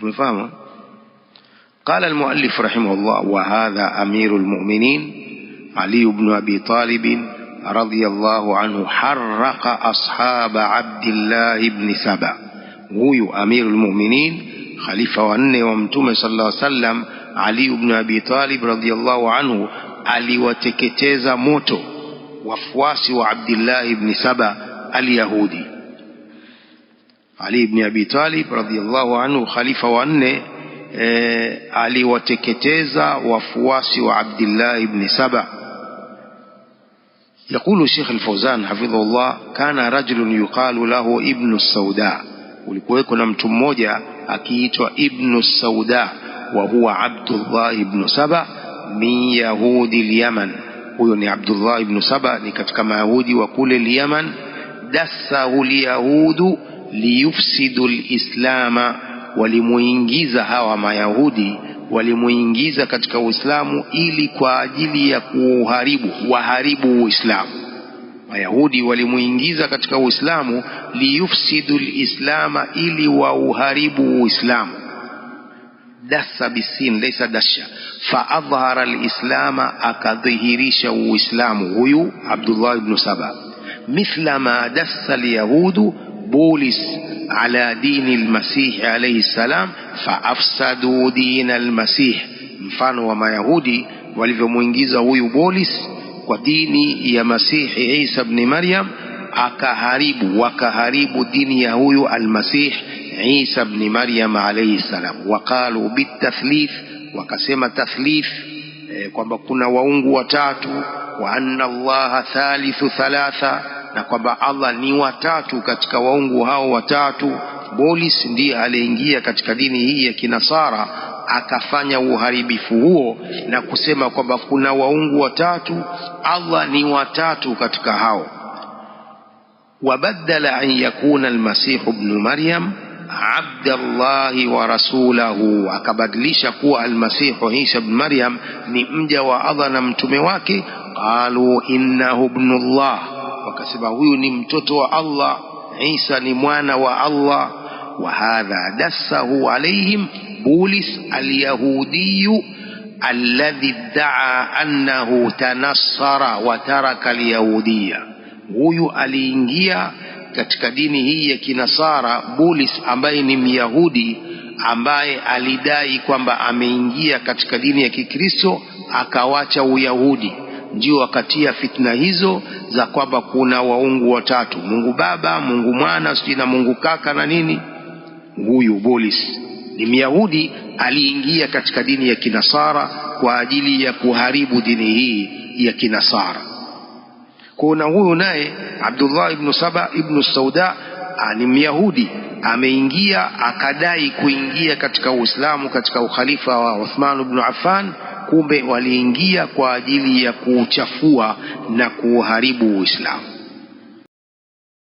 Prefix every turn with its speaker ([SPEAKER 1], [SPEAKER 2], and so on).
[SPEAKER 1] تمفهم قال المؤلف رحمه الله وهذا أمير المؤمنين علي بن أبي طالب رضي الله عنه حرق أصحاب عبد الله بن سبا هو أمير المؤمنين خليفة وأني ومتوم صلى الله عليه وسلم علي بن أبي طالب رضي الله عنه علي وتكتز موتو وفواس وعبد الله بن سبا اليهودي Ali ibn Abi Talib radhiallahu anhu, khalifa wa nne e, aliwateketeza wafuasi wa Abdillah ibn Saba. Yaqulu Sheikh al-Fawzan hafidhahullah, kana rajulun yuqalu lahu ibnu sauda, ulikuweko na mtu mmoja akiitwa ibnu sauda wa huwa Abdullah ibn Saba min yahudi al-Yaman. Huyo ni Abdullah ibn Saba, ni katika mayahudi wa kule al-Yaman. dasahu lyahudu liyufsidu lislama, walimuingiza hawa Mayahudi walimuingiza katika Uislamu ili kwa ajili ya kuuharibu, waharibu Uislamu. Mayahudi walimuingiza katika Uislamu liyufsidu lislama, ili wauharibu Uislamu. Dasa bisin laisa dasha, fa faadhhara lislama, akadhihirisha Uislamu huyu Abdullah ibn Saba, mithla ma dasa lyahudu قبول على دين المسيح عليه السلام faafsadu dina almasih, mfano wa Mayahudi walivyomwingiza huyu Bolis kwa dini ya Masihi Isa bni Maryam, akaharibu wakaharibu dini ya huyu almasih Isa bni Maryam alaihi salam. Waqalu bitathlith, wakasema tathlith eh, e, kwamba kuna waungu watatu, wa anna Allaha thalithu thalatha na kwamba Allah ni watatu katika waungu hao watatu. Bolis ndiye aliyeingia katika dini hii ya Kinasara akafanya uharibifu huo na kusema kwamba kuna waungu watatu, Allah ni watatu katika hao. wabaddala an yakuna almasihu bnu maryam abdallahi wa rasulahu, akabadilisha kuwa almasihu Isa bnu Maryam ni mja wa Allah na mtume wake. Qalu innahu bnullah wakasema huyu ni mtoto wa Allah, Isa ni mwana wa Allah. Wa hadha dassahu alaihim Bulis alyahudiyu alladhi daa annahu tanassara wa taraka alyahudiya, huyu aliingia katika dini hii ya kinasara Bulis, ambaye ni Myahudi ambaye alidai kwamba ameingia katika dini ya Kikristo akawacha Uyahudi ndio wakatia fitna hizo za kwamba kuna waungu watatu, Mungu Baba, Mungu Mwana sijui na Mungu Kaka na nini. Huyu Bolis ni Myahudi aliingia katika dini ya Kinasara kwa ajili ya kuharibu dini hii ya Kinasara. Kuna huyu naye Abdullah ibn Saba ibnu Sauda ni Myahudi ameingia akadai kuingia katika Uislamu katika ukhalifa wa Uthman ibn Affan kumbe waliingia kwa ajili ya kuuchafua na kuuharibu Uislamu.